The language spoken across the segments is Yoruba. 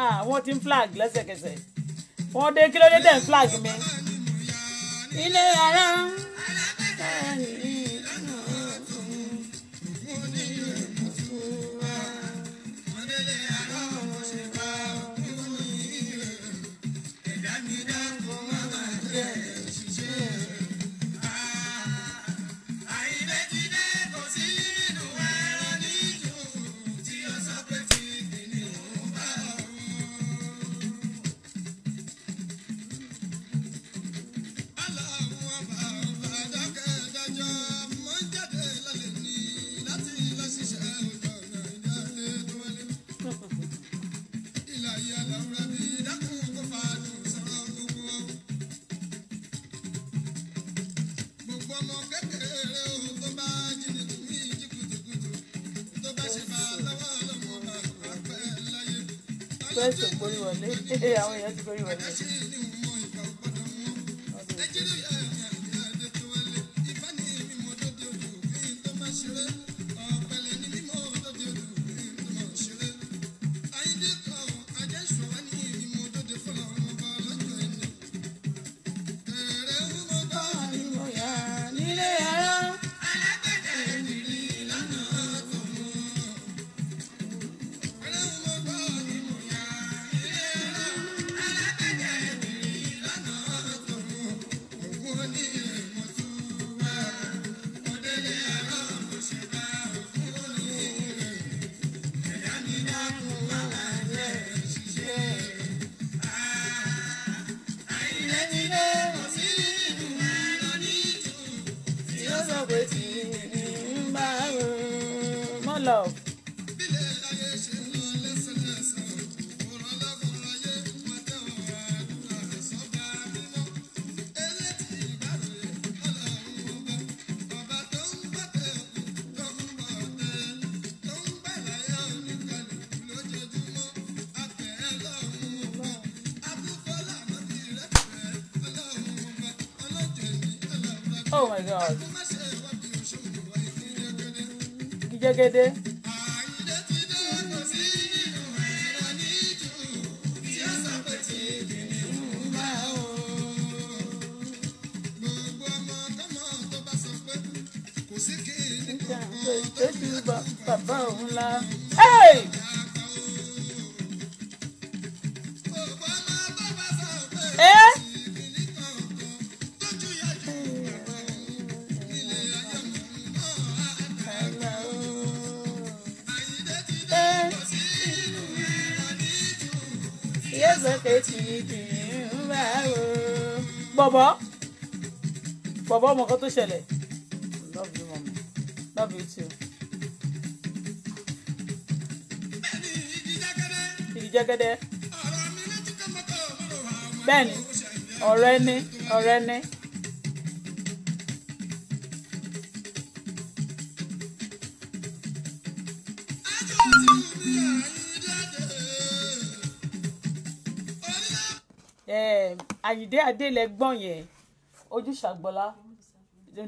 ah wọ́n ti ń flag lẹ́sẹ̀kẹsẹ̀ wọ́n dé kí ló dé dẹ̀ ń flag mi ilé ara ẹ̀yìn. fẹ́ ṣògbóni wọlé àwọn èèyàn ti gbóni wọlé. Oh my God. Gígégédé. Bàbá òun la. Hey! Baba, Baba, ọmọ kan tó ṣẹlẹ̀ love you mama love you too. ìdí jẹ́gẹ́dẹ́ bẹ́ẹ̀ ni ni ọ̀rẹ́ ni. Àyìndé Adélẹ́gbọ̀n yẹn Ojúṣàgbọ́lá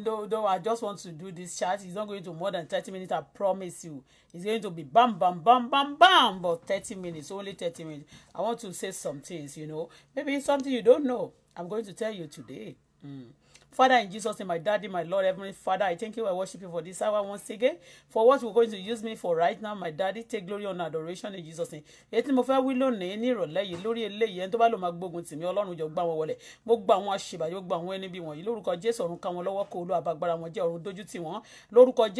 though though I just want to do this chat it's not going to more than thirty minutes I promise you it's going to be bam bam bam bam bam but thirty minutes only thirty minutes I want to say some things you know maybe it's something you don't know I'm going to tell you today. Mm. Father, in Jesus' name, my daddy, my Lord, Heavenly Father, I thank you. I worship you for this hour once again. For what you're going to use me for right now, my daddy, take glory and adoration in Jesus' name. Èyí tí mo fẹ́ wí lónìí ní ìrọ̀lẹ́ yìí lórí eléyìí ẹni tó bá lò máa gbógun tì mí Ọlọ́run jọ gbá wọn wọlẹ̀. Mo gba àwọn àṣìbàyè, ó gba àwọn ẹni bí wọ̀nyí. Lórúkọ Jésù Lord, ká wọn lọ́wọ́ kó olú àbágbára wọn jẹ́ ọ̀run dójú tì wọ́n. Lórúkọ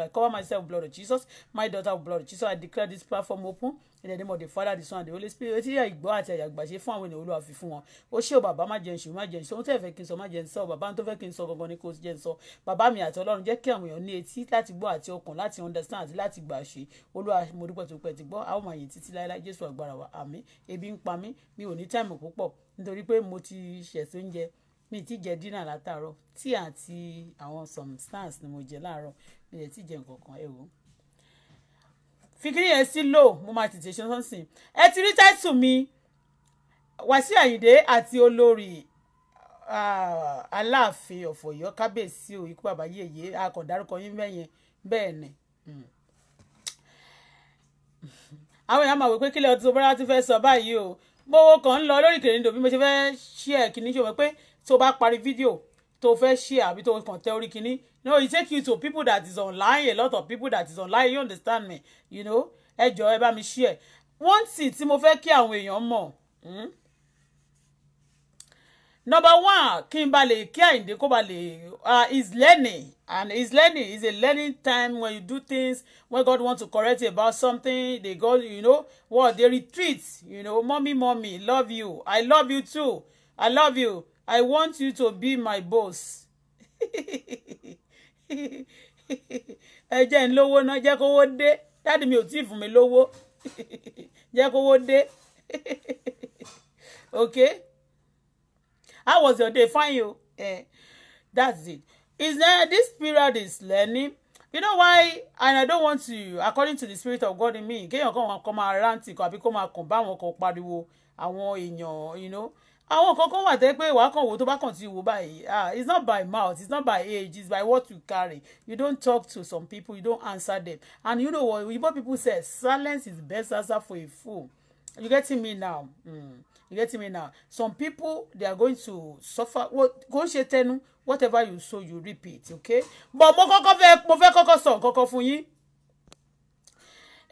I cover myself blood of Jesus, my daughter blood of Jesus. I declare this platform open in the name of the father the son and the holy spirit etí yẹ ìgbọ́ àti àyàgbà ṣe fún àwọn ènìyàn olúwa fi fún wọn ó ṣé o bàbá má jẹ́ nsú má jẹ́ nsú ohun tó fẹ́ kí n sọ má jẹ́ nsọ bàbá tó fẹ́ kí n sọ gangan ni kò jẹ́ nsọ bàbá mi àti ọlọ́run jẹ́ kí àwọn èèyàn ní etí láti gbọ́ àti ọkàn láti understand àti láti gbà ṣe olúwa mo dúpẹ́ tó pẹ́ ti gbọ́ àwọn àyè títí láéláé jésù àgbàrà wa àmín ebi ń pa mí mi ò mi ti jẹ dínà látàárọ̀ tí àti àwọn some snacks ni mo jẹ láàárọ̀ mi ò tí jẹ nǹkan kan ẹ wò fi kí nìyẹn sí low mo máa tètè ṣe something ẹ ti rí táìtù mi Wàsíù Àyìndé àti olórí ah, Aláàfin of Ọ̀yọ́ kábíyèsí o ikú bàbá yèyé akọ̀dárúkọ yín bẹ́yẹn bẹ́ẹ̀ ni hmm. àwọn èèyàn máa wò pé kílẹ̀ ọtí tó bá ti fẹ́ sọ báyìí o gbowó kan ń lọ lórí kèrèǹdò bí mo ṣe fẹ́ ṣí ẹ̀ kìíní ṣe mọ̀ pé tó bá parí fídíò tó fẹ́ ṣí àbí tó kàn tẹ orí kìíní no it take you to people that is online a lot of people that is online you understand me you know ẹ jọ ẹ mi share one thing tí mo fẹ́ kí àwọn èèyàn mọ̀ hmm? number one kí kia ba lè kí àyíǹde uh, is learning and is learning is a learning time when you do things when God wants to correct you about something they go you know what they retreat you know mommy mommy love you I love you too I love you I want you to be my boss ẹ jẹ́ ń lówó ná jẹ́ kówó dé dáàdì mi ò tí ì fún mi lówó jẹ́ kówó dé okay how was your day fine o eh, that's it is there this period is learning you know why and i don't want to according to the spirit of God in me kéèyàn kàn wọn kàn máa rántí kan àbí kó máa kàn bá àwọn kan pariwo àwọn èèyàn you know àwọn kankan wà tẹ́ pé ìwà kan wò tó bá kàn ti wò báyìí ah it's not by mouth it's not by age it's by what you carry you don't talk to some people you don't answer them and you know what Igbo people say silence is the best answer for a fool you getting me now mm. you getting me now some people they are going to suffer What? Go ṣe tẹnu whatever you sow you repeat. okay but mo kọ́kọ́ fẹ́ mo fẹ́ kọ́kọ́ sọ nǹkan kan fún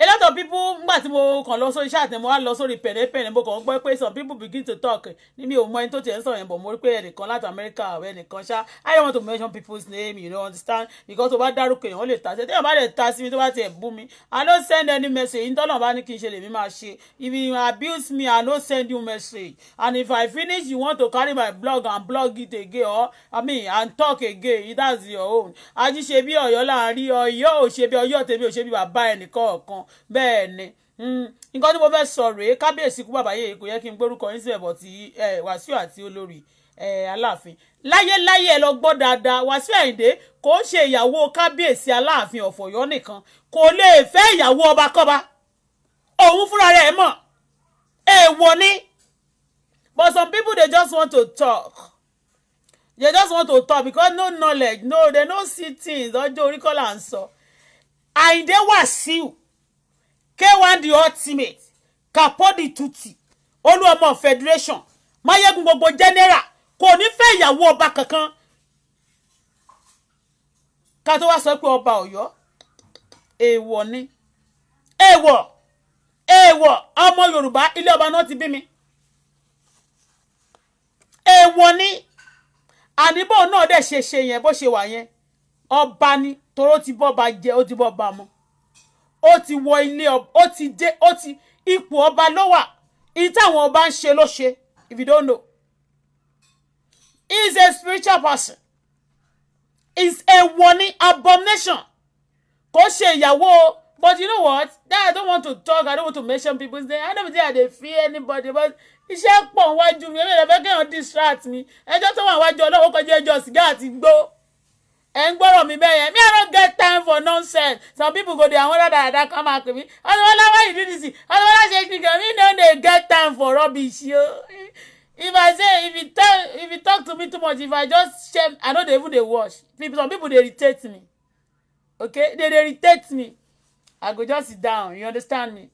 a lot of people ngbà tí mo kàn lọ sórí iṣẹ́ àtẹ̀mọ́ wa lọ sórí pẹ̀lẹ́pẹ̀lẹ́ mo kàn ń gbọ́ pé some people begin to talk ní mi ò mọ ẹni tó tiẹ̀ ń sọ̀rọ̀ yẹn bọ̀ mo rí pé ẹnìkan láti America ọ̀rẹ́ ẹnìkan ṣá I don't want to mention people's name you know understand because tó bá dárúkọ èèyàn ó lè ta sí ẹ téèyàn bá lè ta sí mi tó bá tiẹ̀ bú mi I no send any message yìí tọ́nà bá ní kí n ṣe lèmi máa ṣe if you abuse me I no send you message and if I finish you want to carry my blog and blog it again or I mean and talk again that's your own ajíṣe bí ọ̀yọ́ láàrin ọ̀yọ́ òṣèbí ọ̀yọ́ tèmi òṣèbí bàbá ẹnìkan ọ̀kan bẹ́ẹ̀ ni hmm, nǹkan tí mo fẹ́ sọ rèé kábíyèsí kú bàbá yèyé kò yẹ kí n gbórúkọ yín síbẹ̀ bọ̀ ti wàsíù àti olórí aláàfin láyéláyé ẹ lọ gbọ́ dáadáa wàsíù àyìndé kò ń ṣe ìyàwó kábíyèsí aláàfin ọ̀fọ̀yọ́ nìkan kò lè fẹ́ ìyàwó ọbakọ́ba òun fúnra rẹ̀ mọ̀ èèwọ̀ ni but some people they just want to talk they just want to talk because no knowledge no they no see things ọjọ́ orí kọ́ là ń sọ àyìndé wàsíù k1 the ultimate kapodi tuti olúọmọ federation mayegun gbogbo general kò ní fẹ́ ìyàwó ọba kankan ká tó wá sọ pé ọba ọ̀yọ́ èèwọ̀ ni èèwọ̀ èèwọ̀ ọmọ yorùbá ilé ọba náà ti bí mi èèwọ̀ ni àníbò náà dẹ̀ ṣe ṣe yẹn bó ṣe wà yẹn ọba ni toró ti bọ́ ba jẹ ó ti bọ́ ba mọ́ ó ti wọ ilé ó ti dé ó ti ipò ọba ló wà èyí táwọn ọba ń ṣe ló ṣe if you don't know he is a spiritual person he is a warning abomination kò ṣe ìyàwó but you know what that i don't want to talk i don't want to mention people's name i don't think i dey fear anybody but iṣẹ́ pọ̀ wájú mi èmi ìrẹ̀fẹ́ kéèyàn distract mi ẹjọ́ tó wà wájú ọlọ́wọ́ kọjá ẹjọ́ sìgá àti gbó ẹ ń mi bẹ́ẹ̀ yẹn me i don't get time for nonsense some people go dey àwọn dáadáa dáadáa kan máa pè mí ọlọ́wọ́lá why you do this ọlọ́wọ́lá ṣe kíkan me no dey get time for rubbish yo. if i say if you talk, if you talk to me too much if i just shame i no dey even dey watch people some people dey irritate me okay they dey irritate me i go just sit down you understand me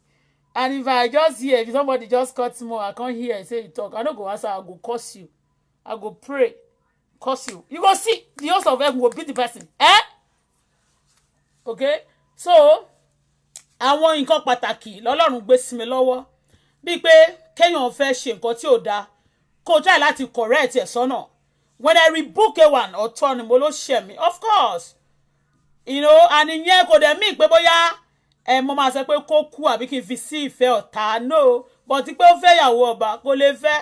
and if i just hear if somebody just cut small i come hear say you talk i no go answer i go curse you i go pray curse you you go see the host of heaven will beat the person eh? okay so àwọn nǹkan pàtàkì lọ́lọ́run gbé sí mi lọ́wọ́ bíi pé kéèyàn fẹ́ ṣe nǹkan tí ò dáa kó try láti correct ẹ̀ sọ́nà when I rebuke one ọ̀tọ́ ni mo ló ṣẹ̀ mí of course you know àníyàn kò dẹ̀ mí pé bóyá ẹ eh, mo máa sọ pé kó kú àbí kí n fi sí ìfẹ́ ọ̀tá no But pé ó fẹ́ ìyàwó ọba kò lè fẹ́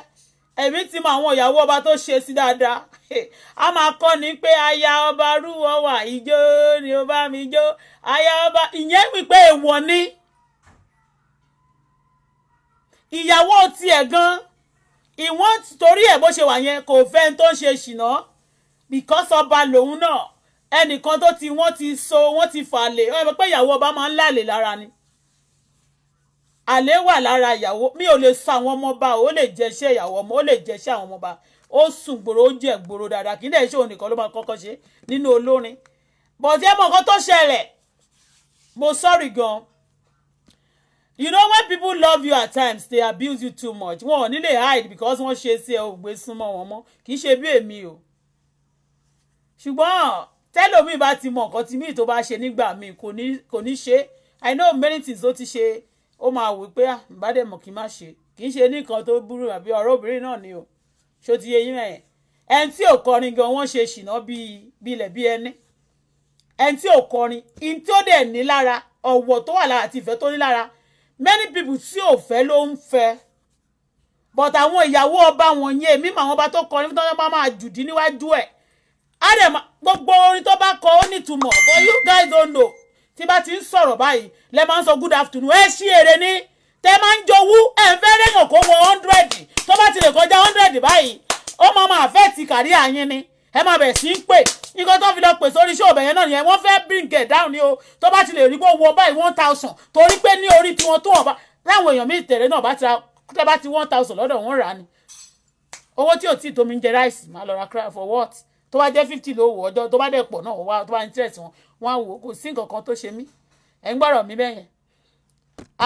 èmi ti mọ àwọn ìyàwó ọba tó ṣe sí dáadáa a máa kọ́ ni pé aya ọba rúwọ́ wà ìjó ni ó bá mi jó aya ọba ìyẹn wípé èèwọ̀ ni ìyàwó tiẹ̀ gan ìwọ́n torí ẹ̀ bó ṣe wà yẹn kò fẹ́ tó ń ṣe ṣìnà because ọba lòun náà ẹnìkan tó ti wọ́n ti so wọ́n ti fà lè ọ pé ìyàwó ọba máa ń lálè lára ni àlè wà lára ìyàwó mi ò lè sọ àwọn ọmọ ọba ó lè jẹ́ṣẹ́ ìyàwó ọmọ ó lè jẹ́ṣẹ́ àwọn ọmọ ọba ó sùn gbòòrò ó jẹ gbòòrò dáadáa kì í dẹ̀ ṣe òun nìkan ló máa kọ́kọ́ ṣe nínú olórin bọ̀dé mọ̀ tó ṣẹlẹ̀ mo sorry gan you know when people love you at times they abuse you too much wọn ò nílè hide because wọ́n ṣe sí ẹ ògbé súnmọ́ wọn mọ́ kì í ṣe bí èmi o ṣùgbọ́n tẹ́lòmíì bá ti mọ nǹkan tí míì tó bá ṣe nígbà míì kò ní ṣe i know many things ó ti ṣe ó máa wí pé àbádẹ́mọ̀ ah, kì í má ṣe kì í ṣe nìkan tó burú àbí ọ̀rọ̀ obìnrin náà ni o ṣó ti yé yín mẹ́yẹn ẹni tí ò kọrin gan wọ́n ṣe ṣìnà bíi bílẹ̀ bíi ẹni ẹni tí ò kọrin in tí ó dẹ̀ ní lára ọ̀wọ̀ tó wà lára ìfẹ́ tó ní lára many people tí ò fẹ́ ló ń fẹ́ but àwọn ìyàwó ọba wọn yẹn èmi mà wọn bá tó kọrin fún tọ́jọ́ bá máa jùdí níwájú ẹ̀ adam gbogbo orin tó bá kọ ó nítumọ̀ but you guys don't know tí bá ti ń sọ̀rọ̀ báyìí lẹ́ máa ń sọ good afternoon ẹ ṣí èrè ní tẹ máa ń jowú ẹ ń fẹ́ rẹ̀yàn kó wọ hundred tó bá ti lè kọjá hundred báyìí ó máa máa fẹ́ ti kàrí àyín ni ẹ máa bẹ̀ sí ń pè nǹkan tó fi lọ pè sórí iṣẹ́ ọ̀bẹ̀yẹn náà nìyẹn wọ́n fẹ́ bring it down ni o tó bá ti lè rí gbówó báyìí one thousand torí pé ní orí tiwọn tó wọn bá láwọn èèyàn míì tẹ̀rẹ̀ náà bá ti ra tó bá ti one thousand lọ́dọ̀ wọn rà ni owó tí ò tí ì tómi ń jẹ ráìsì máa lọ ra cry for what tó bá jẹ́ fifty lówó ọjọ́ tó bá dẹ̀ pọ̀ náà wá tó bá interest wọn wọn á wò ó kò sí nǹkan kan tó ṣe mí ẹ̀ ń gbọ́rọ̀ mi bẹ́yẹn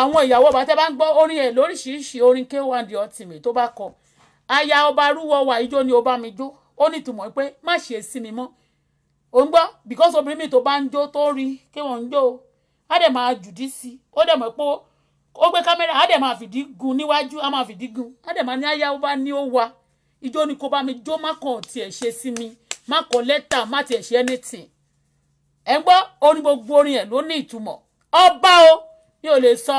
àwọn ìyàwó ọba tẹ́ bá ń gbọ́ orin ẹ̀ lóríṣiríṣi orin k one the ultimate tó bá kọ aya ọba arúgbó wà ijó ni ó bá mi jó ó ní ìtumọ̀ pé má ṣe sí mi mọ́ ò ń gbọ́ because obìnrin mi tó bá ń jó tó rí k1 ń jó o á dẹ̀ máa jùdí sí i ó dẹ̀ mọ̀ pé ó gbé kámẹ́rà á dẹ̀ máa fìdí gun níwájú á máa fìdí gun á dẹ̀ máa ní aya ọba ni ó wa ijó ni kó bá mi jó má kàn tiẹ̀ ṣe sí mi má kọ lẹ́tà má tiẹ̀ ṣe anything ẹ̀ ń gbọ́ orin gbogbo orin ẹ̀ ló ní ìtumọ̀ ọba o mi ò lè sọ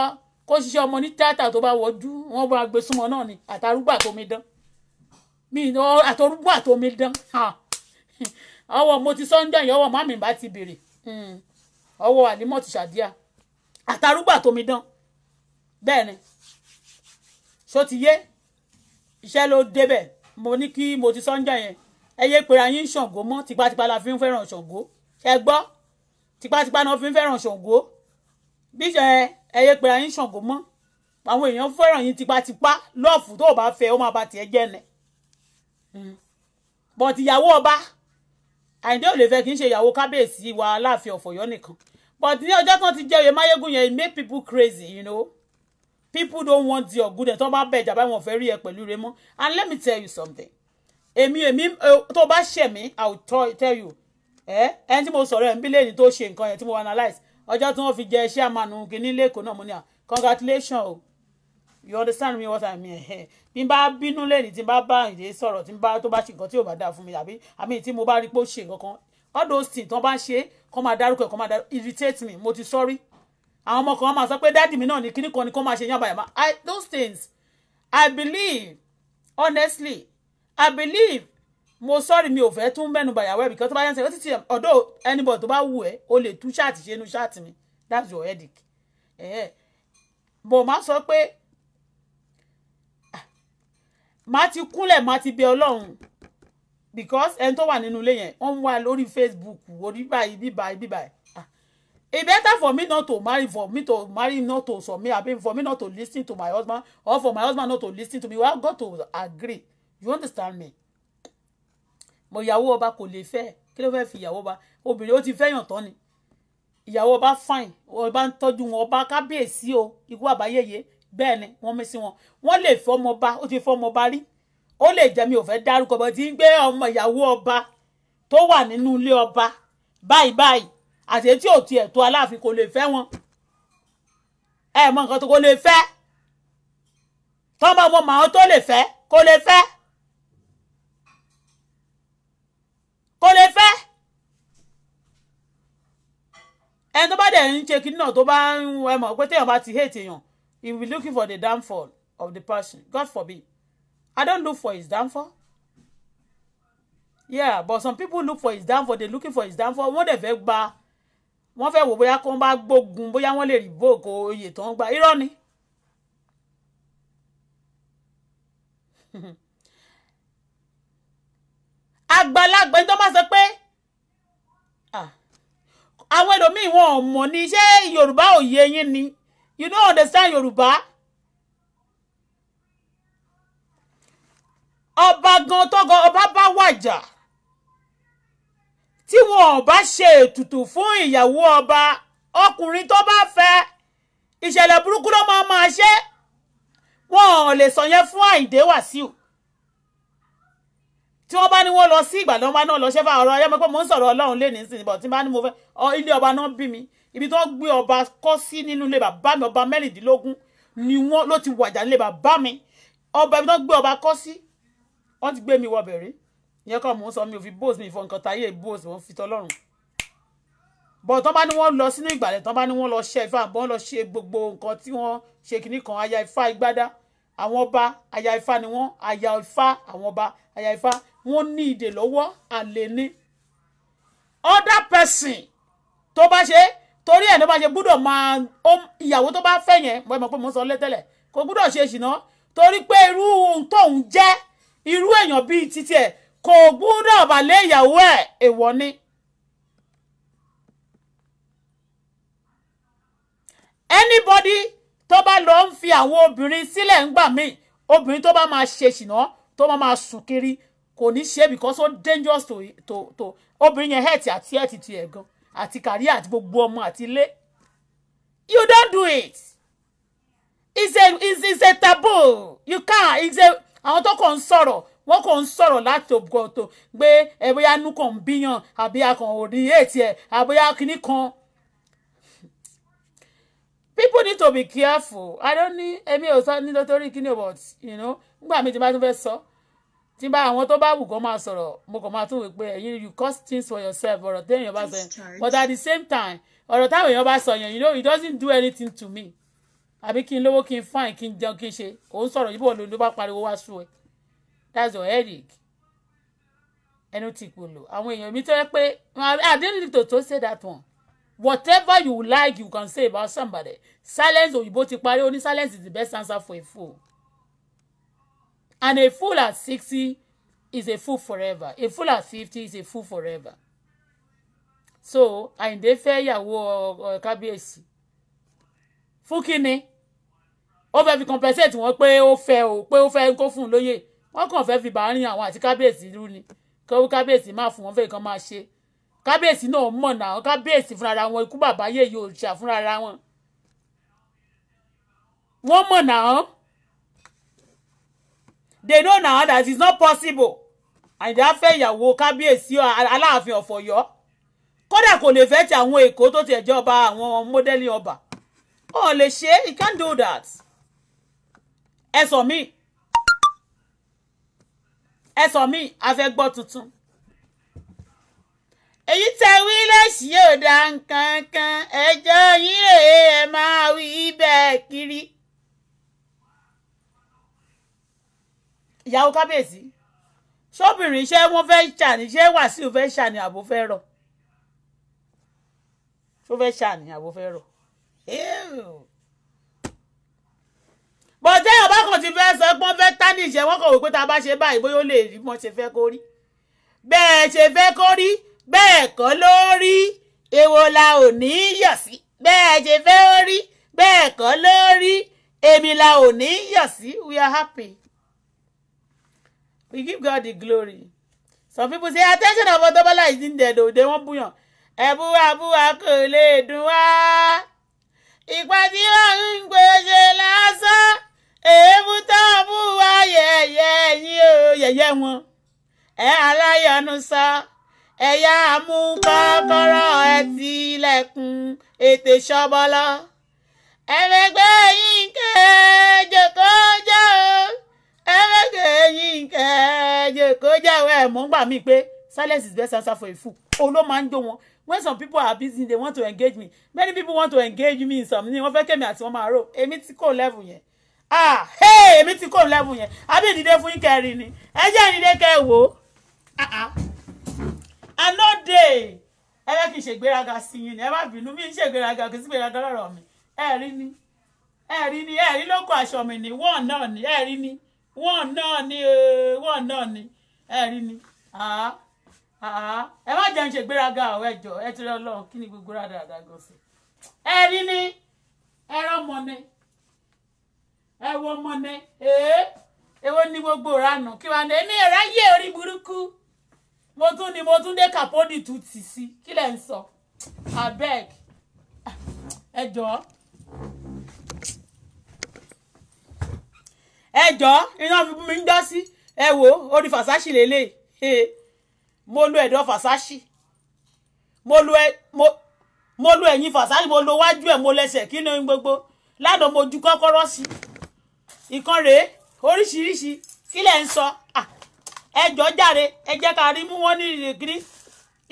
kó ṣiṣẹ́ ọmọ ní tíátà tó bá wọjú wọ́n bá gbé súnmọ́ náà ni àtàrúgbà tó mi dán mi àtọrúgbà tó mi dán ọwọ́ mo ti sọ́njọ́ yìí ọwọ́ mami bá ti bèrè hmm. ọwọ́ àlímọ̀ ti ṣàdíà àtàrúgbà tó mi dán bẹ́ẹ̀ ni ṣó ti yé iṣẹ́ ló débẹ̀ mo ní kí mo ti sọ́njọ́ yẹn ẹ yé pera yín ṣàngó mọ́ tipátipá la fi ń fẹ́ràn ṣàngó ẹ gbọ́ tipátipá náà fi ń fẹ́ràn ṣàngó bí ẹyẹ pera yín ṣàngó mọ́ àwọn èèyàn fẹ́ràn yín tipátipá lọ́ọ̀fù tó o bá fẹ́ ó máa ba tiẹ̀ jẹ́ nẹ. Hmm. bọ̀t ìyàwó ọba àyíndé ò lè fẹ́ kí n ṣe ìyàwó kábíyèsí wa aláàfin ọ̀fọ̀yọ́ nìkan bọ̀t ní ọjọ́ kan ti jẹ́ oyè máyégún yẹn it make people crazy you know people don't want your good ẹ̀ tó bá bẹ̀ jàbá wọn fẹ́ rí ẹ pẹ̀lú rẹ mọ́ and let me tell you something èmi èmi tó bá ṣẹ̀ mí i will tell you ẹ ẹni tí mo sọ̀rọ̀ ẹ̀ ń bí lẹ́yìn tó ṣe nǹkan yẹn tí mo analyse ọjọ́ tí wọ́n fi jẹ iṣẹ́ àmànù kìíní lẹ́kọ̀ọ́ náà mo ní à congratulation o you understand me what i mean ẹ bí n bá bínú lẹ́ni tí n bá bá ìdè sọ̀rọ̀ tí n bá tó bá ṣe nǹkan tí ò bá dáa fún mi àbí àmì tí mo bá rí pé ó ṣe nǹkan kan all those things tó bá ń ṣe kó máa dárúkọ kó máa dárúkọ irritate me mo ti sorry àwọn ọmọ kan máa sọ pé dáàdì mi náà ní kíní kan ni kó máa ṣe yánbayàmá i those things i believe honestly i believe mo sorry mi ò fẹ́ tún mẹ́nu bàyàwó ẹ̀ because tó bá yẹn ń sẹ́yìn ó ti ti ọ̀dọ́ anybody tó bá wù ẹ́ o lè tú ṣáàtì ṣe inú ṣáàtì mi that's your headache Eh, bò má sọ pé má ti kúnlẹ̀ má ti bẹ ọlọ́run because ẹni tó wà nínú On yẹn wọ́n Facebook, wá lórí Facebook orí báyìí bíbáyìí bíbáyìí e ah. better for me not to marry for me to marry not to so submit abi for me not to listen to my husband or for my husband not to listen to me we have got to agree you understand me mo ìyàwó ọba kò lè fẹ́ kí ló fẹ́ fi ìyàwó ọba obìnrin ó ti fẹ́yàn tán ni ìyàwó ọba fine ọba ń tọ́jú wọn ọba kábíyèsí o ikú àbáyẹyẹ bẹ́ẹ̀ ni wọ́n mí sí wọn wọ́n lè fọmọ ọba ó ti fọmọ ọba rí ó lè jẹ́ mi ò fẹ́ dárúkọ bọ́ ti ń gbé ọmọ ìyàwó ọba tó wà nínú ilé ọba báyìí báyìí àti tí ò tiẹ̀ tó aláàfin kò lè fẹ́ wọn ẹ mọ nǹkan tó kò lè fẹ́ tọ́mọ ọmọ màá tó lè fẹ́ kò lè fẹ́. ẹni tó bá dẹ̀ ń ṣe kinní náà tó bá ń ẹ mọ̀ pé téèyàn bá ti hate èèyàn he will be looking for the downfall of the person God forbid I don't look for his downfall yeah but some people look for his downfall they looking for his downfall wọ́n dẹ̀ fẹ́ gba wọ́n fẹ́ wò bóyá kó ń bá gbógun bóyá wọ́n lè revoke oyè tó ń gba irọ́ ni. àgbàlagbà ẹni tó bá sọ pé. ah àwọn ẹlòmíì wọn ò mọ̀ ní ṣé yorùbá ò yín ni you don't understand yorùbá. ọba gan tọgọ ọba bá wàjà tí wọn ò bá ṣe ètùtù fún ìyàwó ọba ọkùnrin tó bá fẹ́ ìṣẹ̀lẹ̀ burúkú ló máa máa ṣe wọn ò lè sọ yẹn fún àìdè wàsíù tí wọ́n bá ní wọ́n lọ sí ìgbàlọ́wọ́ náà lọ ṣẹ́fà ọ̀rọ̀ ayé mọ́ pé mò ń sọ̀rọ̀ ọlọ́run lé nísìnyí bọ̀ tí bá ní mo fẹ́ ilé ọba náà bí mi ibi tó gbé ọba kọ́ sí nínú ilé bàbá mi ọba mẹ́rìndínlógún ni wọ́n ló ti wàjà nílé bàbá mi ọba ibi tó gbé ọba kọ́ sí wọ́n ti gbé mi wọ bẹ̀rẹ̀ ìyẹn kọ́ mò ń sọ mi ò fi bóòsì mi ìfọ̀ nǹkan táyé bóòsì wọ́n fi tọ́lọ́run bọ̀ tán bá ní wọ́n lọ sínú ìgbàlẹ̀ tán bá ní wọ́n lọ ṣe ifá bọ́n lọ ṣe gbogbo nǹkan tí wọ́n ṣe kìíní kan aya ifá igbádá àwọn ọba aya ifá ni wọ́n aya ifá àwọn ọba aya ifá wọ́n ní ìdè lọ́wọ́ àlè ni other person tó bá ṣe torí ẹ̀ ló bá ṣe gbúdọ̀ máa ìyàwó tó bá fẹ́ yẹn mo mọ̀ pé mo sọ létẹ́lẹ̀ kò gbúdọ̀ ṣe ṣìnà torí pé irú ohun tóun jẹ́ irú èèyàn bíi títí ẹ̀ kò gbúdọ̀ bàlẹ́ ìyàwó ẹ̀ èèwọ̀ ni. anybody tó bá lọ ń fi àwọn obìnrin sílẹ̀ ń gbà míì obìnrin tó bá máa ṣe ṣìnà tó bá máa sùn kiri kò ní ṣe because ó dangerous to to to obìnrin yẹn hẹ́ẹ̀tì àti hẹ́ẹ̀tì tiẹ̀ gan-an àti career àti gbogbo ọmọ àti ilé you don't do it it's a it's, it's a taboo you can't it's a àwọn tó kàn ń sọ̀rọ̀ wọ́n kàn ń sọ̀rọ̀ láti ògbọ́n tó gbé ẹ bóyá inú kan ń bíyàn àbí akàn ò ní ẹ̀ àbóyá kìíní kan. people need to be careful i don't ní ẹ̀mí ò sọ nítorí kíní about. you know nígbà mi ti bá tún fẹ́ sọ. So tí bá àwọn tó bá wù kó máa sọ̀rọ̀ mo kàn máa tún wí pé ẹ̀yin you cost things for yourself ọ̀rọ̀ téèyàn bá sọ yẹn but at the same time ọ̀rọ̀ táwọn èèyàn bá sọ yẹn you know it doesn't do anything to me àbí kí n lówó kí n fine kí n jẹun kí n ṣe òun sọ̀rọ̀ yìí bò ló ló bá pariwo wá sú ẹ that's your headache ẹnu ti polo àwọn èèyàn mi tẹ́lẹ̀ pé I didn't need to say that one whatever you like you can say about somebody silence òyìnbó ti parí ó ní silence is the best answer for a fool And a fool at 60 is a fool forever. A fool at 50 is a fool forever. So Àyìndé fẹ́ ìyàwó uh, kábíyèsí fún kínní ó fẹ́ fi compensate wọn pé ó fẹ́ o pé ó fẹ́ kó fún un lóyè wọ́n kàn fẹ́ fi bàárín àwọn àti kábíyèsí rú ni kó kábíyèsí má fún wọn fẹ́ kàn máa ṣe kábíyèsí náà mọ̀ náà kábíyèsí fúnra wọn ikú bàbá yèyí òrìṣà fúnra wọn wọ́n mọ̀ náà they know now that it's not possible àyìndé afẹ́ ìyàwó kábíyèsí aláàfin of Ọ̀yọ́ kódà kò lè fẹ́ ti àwọn èkó tó ti ẹ̀jẹ̀ ọba àwọn mọ́dẹ́lì ọba ó lè ṣe he can't do that ẹ sọ mí ẹ sọ mí a fẹ́ gbọ́ tuntun èyí tẹ wí lẹ́sìn yóò dá nǹkan kan ẹjọ́ yín rèé ẹ máa wí bẹ́ẹ̀ kiri. ìyàwó kábíyèsí sóbìnrin ṣé wọ́n fẹ́ ṣàní ṣé wàsíù fẹ́ ṣàní àbò fẹ́ rọ̀ tó fẹ́ ṣàní àbò fẹ́ rọ̀ bọ̀dé ọba kan ti fẹ́ sọ pé wọ́n fẹ́ tá ní ìṣẹ́ wọ́n kàn wò pé tá a bá ṣe báyìí bóyá ó lè rí mọ́ ṣe fẹ́ kó rí bẹ́ẹ̀ ṣe fẹ́ kó rí bẹ́ẹ̀ kọ́ ló rí èwo la ò ní yọ̀ sí bẹ́ẹ̀ ṣe fẹ́ rí bẹ́ẹ̀ kọ́ ló rí èmi la ò ní yọ̀ sí we are happy we give God the glory some people say attention of Auto Bola is in there though they wan buyan ẹ̀bùwà bùwà kò lè dùn wá ìpà tí wọ́n ń gbèsè lásán èébú tó ń bù wá yẹ̀yẹ́ yín o yẹ̀yẹ́ wọn ẹ̀ aláyọ̀nù sọ ẹ̀yà mú kọ́kọ́rọ́ ẹ̀ tilẹ̀kùn ètè ṣọ́bọ́lọ́ ẹ̀mẹ̀gbẹ́ yín kéjòkójò o ẹ̀ẹ́dẹ̀ yín kẹ́ẹ̀ẹ́dẹ̀ kó jáwé ẹ̀ mọ́ gbà mí pé silence is best answer for a fool òun ló máa ń jó wọn when some people are busy they want to engage me many people want to engage me in something wọ́n fẹ́ kémi àti wọ́n máa rò èmi tí kò level yẹn ah hey èmi tí kò level yẹn àbí ìdílé fún yín kẹrin ni ẹ jẹ́ ìdílé kẹ wò ó ah, ah. àná dé ẹ bẹ́ kí n ṣègbéraga sí yín ni ẹ má bínú mi ń ṣègbéraga kì í sí gbéraga lọ́rọ̀ mi ẹ rí ni ẹ rí ni ẹ rí lóko aṣọ mi ni wọ́n náà ni ẹ rí ni wọ́n náà ni wọ́n náà ni ẹ rí ni ah, ah, ẹ má jẹun ṣe gbéraga ọ ẹjọ ẹ ti rí Ọlọ́run kí ni gbogbo rádà àdágọ sí ẹ rí ni ẹ rọmọ ni ẹ wọ ọmọ ni ee eh, èwo ni gbogbo ránù kí wàá ní èmi ẹ̀rá yé orí burúkú mo tún ni mo tún dé kàpọ́ọ̀dì tù tì sí kí lẹ̀ ń sọ abeg ẹ jọ̀ọ́. ẹjọ́ iná fi mi ń jọ́ sí ẹ wò orí fàṣáṣì lélẹ̀ mo lo ẹ̀dọ̀ fàṣáṣì mo lo ẹ mo lo ẹ̀yìn fàṣáṣì mo lo wájú ẹ̀ mo lẹsẹ̀ kí ni gbogbo ládàá mo ju kọ́kọ́rọ́ sí ìkan rèé oríṣiríṣi kí lẹ̀ ń sọ ẹjọ́ jàre ẹ jẹ́ ká rí mú wọn ní ìrègírí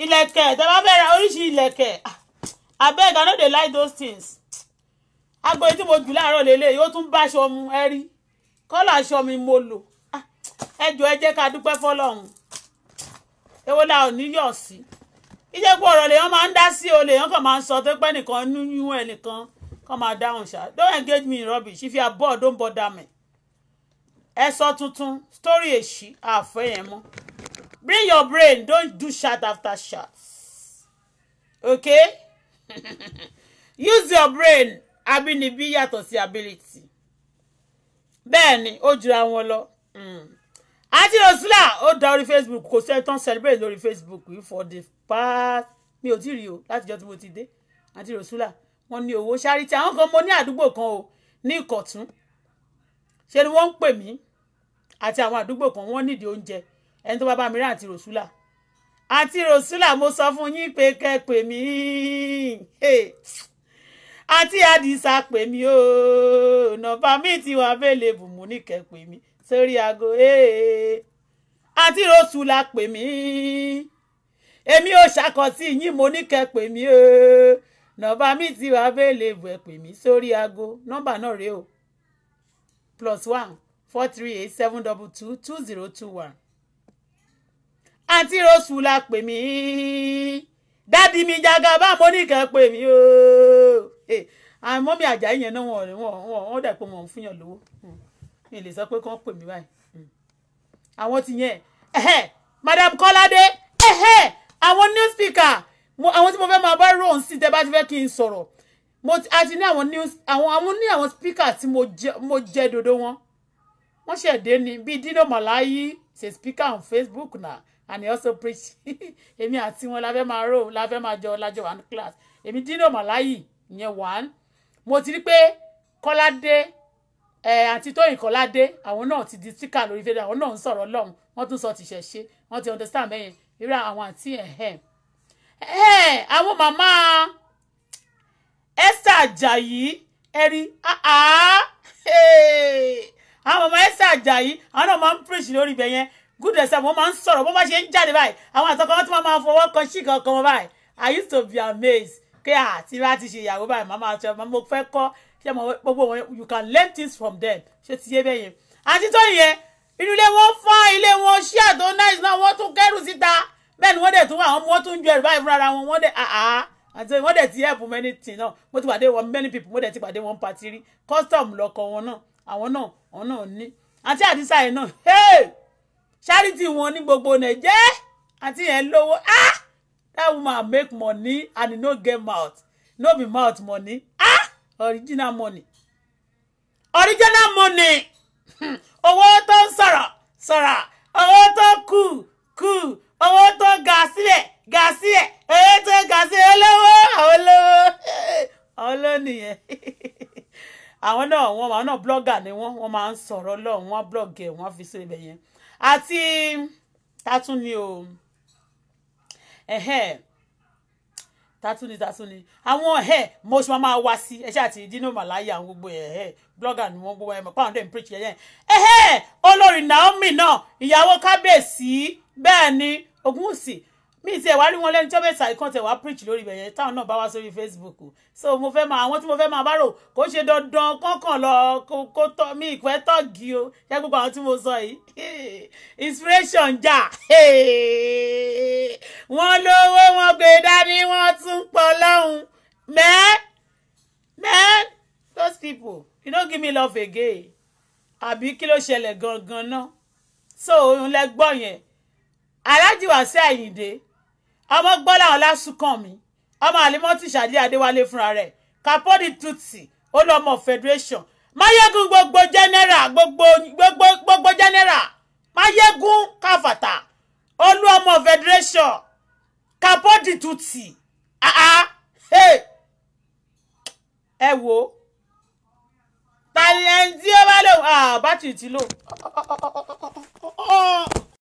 ìlẹ̀kẹ̀ tẹ́ bá fẹ́ ra oríṣi ìlẹ̀kẹ̀ abeg i no dey like those things agbo tí mo jù láàárọ̀ lélẹ̀ yóò tún báṣọ mu ẹ rí kọ́là aṣọ mi mo lò ah, ẹ jọ̀ọ́ ẹ jẹ́ ká dúpẹ́ fọlọ́run èwo la ò níyọ̀ sí iṣẹ́ pé ọ̀rọ̀ lèèyàn máa ń dá sí o lèèyàn kàn máa ń sọ tó pẹ́ nìkan nínú ẹnìkan kàn máa dáhùn ṣá don't engage me in rubbish if you are bored don't bother me ẹ sọ tuntun story èṣì àfẹ́ yẹn mọ́ bring your brain don't do shot after shot okay use your brain abínibí yàtọ̀ sí ability bẹ́ẹ̀ ni ó jura wọn lọ àti hmm. rosula ó da orí facebook kò sẹ́ni tán celebrate lórí facebook yìí for the past mi ò tí rí o látijọ́ tí mo ti dé àti rosula wọ́n ní owó charity àwọn kan mo ní àdúgbò kan o ní ìkọ̀tún ṣe ni wọ́n ń pè mí àti àwọn àdúgbò kan wọ́n nídìí oúnjẹ ẹni tó bá bá mi rán àti rosula àti rosula mo sọ fún yín pé kẹ́ pè mí. Hey àǹtí àdìsá pè mí o nọ́mbà mi ti wà bẹ́lẹ̀ bùnmù níkẹ́ pè mí sórí aago eh. àǹtí rosula pè mí èmi ò ṣàkọsí yín mo níkẹ́ pè mí o nọ́mbà mi ti wà bẹ́lẹ̀ bù ẹ pè mí sórí aago nọ́mbà náà rèé o plus one four three eight seven double two two zero two one àǹtí rosula pè mí dádì mi jagaba mo níkẹ́ pè mí o. Eh, àwọn mọ́mí àjàyí yẹn náà wọ́n wọ́n wọ́n dà pé wọ́n ń fúnyàn lówó hmm. mi lè sọ pé kán pè mí báyìí hmm. àwọn ti yẹn ẹ̀hẹ́ madam kọ́ládé ẹ̀hẹ́ àwọn new speaker àwọn tí mo fẹ́ máa bá rò ń sìn tẹ́ bá ti fẹ́ kí n sọ̀rọ̀ mo àti ní àwọn news àwọn àwọn ní àwọn speaker tí mo jẹ mo jẹ dodo wọn wọ́n ṣẹ̀dé ni bíi Dino Malayi ṣe speaker on Facebook náà and he also preach èmi àti wọn la fẹ́ máa rò la fẹ́ máa jọ lájọ one class èmi Dino Malayi ìyẹn one mo ti rí pé kọ́ládé ẹ àti tóyìn kọ́ládé àwọn náà ti di tíkà lórí fẹ́rẹ́ àwọn náà ń sọ̀rọ̀ lọ́hùn wọ́n tún sọ tìṣẹ̀ ṣe wọ́n ti understand mẹ́yìn irú àwọn àti ẹ̀hẹ́ ẹ̀hẹ́ àwọn màmá Esther Ajayi ẹ̀rí àá àwọn màmá Esther Ajayi àwọn náà máa ń preach lórí ibẹ̀ yẹn good ẹ̀sẹ̀ wọn máa ń sọ̀rọ̀ bó bá ṣe ń jáde báyìí àwọn àtọkọ wọn tún máa fọwọ́ kan ṣì kankan báyìí I used to be amazed pé à tí bá ti ṣe ìyàwó báyìí màmá àti ọmọ mo fẹ́ kọ́ ṣé mo gbogbo wọn you can learn things from them ṣé ti yé bẹ́yẹn àti tó yẹ inú ilé wọn fọ́ ilé wọn ṣí àtò náìsí náà wọ́n tún kẹ́rù síta bẹ́ẹ̀ ni wọ́n dẹ̀ tún àwọn ọmọ wọn tún ń ju ẹ̀rù báyìí fúnra wọn wọ́n dẹ̀ àá àti wọ́n dẹ̀ ti help many things náà mo ti pàdé wọn many people mo dẹ̀ ti pàdé wọn pàtí rí custom lọkọ wọn náà àwọn náà wọn náà ní àti àdìsá yẹn náà charity wọn ní gbogbo nàìjẹ́ àti yẹn lówó ah that woman make money and e no get mouth no be mouth money ah original money original money owó tó ń sọ̀rọ̀ sọ̀rọ̀ owó tó kù kù owó tó ga sílẹ̀ ga sílẹ̀ owó tó ga sílẹ̀ olówó àwọn olówó àwọn olówó nìyẹn àwọn náà wọn àwọn náà blogger ni wọn wọn máa ń sọ̀rọ̀ lọ́hùn wọn blog ẹ̀ wọn fi sí ibẹ̀ yẹn àti tatún ni o ẹ̀hẹ́ tatuni tatuni àwọn ẹ̀hẹ́ mo ṣe máa wá sí ẹ̀ṣẹ́ àti dino malaya àwọn gbogbo ẹ̀hẹ́ blogger ni wọ́n gbogbo ẹ̀mọ̀ pàwọn dẹ̀ ń preach ẹ̀yẹ́ ẹ̀hẹ́ olórí Naomi náà ìyàwó kábíyèsí bẹ́ẹ̀ ni Ògúnwùsì mi ti ẹ̀ wá rí wọn lẹ́nu jọ́ mẹ́ta ìkan tẹ̀ wá preach lórí ibẹ̀ yẹn táwọn náà bá wá sórí Facebook so mo fẹ́ máa àwọn tí mo fẹ́ máa bá rò kó ṣe dandan kọ́kàn lọ kó tọ́ mi ìpẹ́ tọ́gì o ṣé gbogbo àwọn tí mo sọ yìí inspiration jà wọ́n lówó wọ́n gbé dání wọ́n tún pọ̀ lọ́hùn mẹ́ẹ́ mẹ́ẹ́ those people you no give me love again àbí kí ló ṣẹlẹ̀ gangan náà so òun lẹ gbọ́ yẹn aláàjì Wàsíù Àyìndé ọmọ gbọ́lá ọlá sùkàn mi ọmọ àlímọ́tì ṣàdí adéwálé fúnra rẹ̀ kapodi tutsi olùọmọ federation mayegun gbogbo general gbogbo gbogbo gbogbo general mayegun kafata olùọmọ federation kapodi tutsi aa ẹ wo tàlẹ́ntì ó bá lò bátìrì ti lò.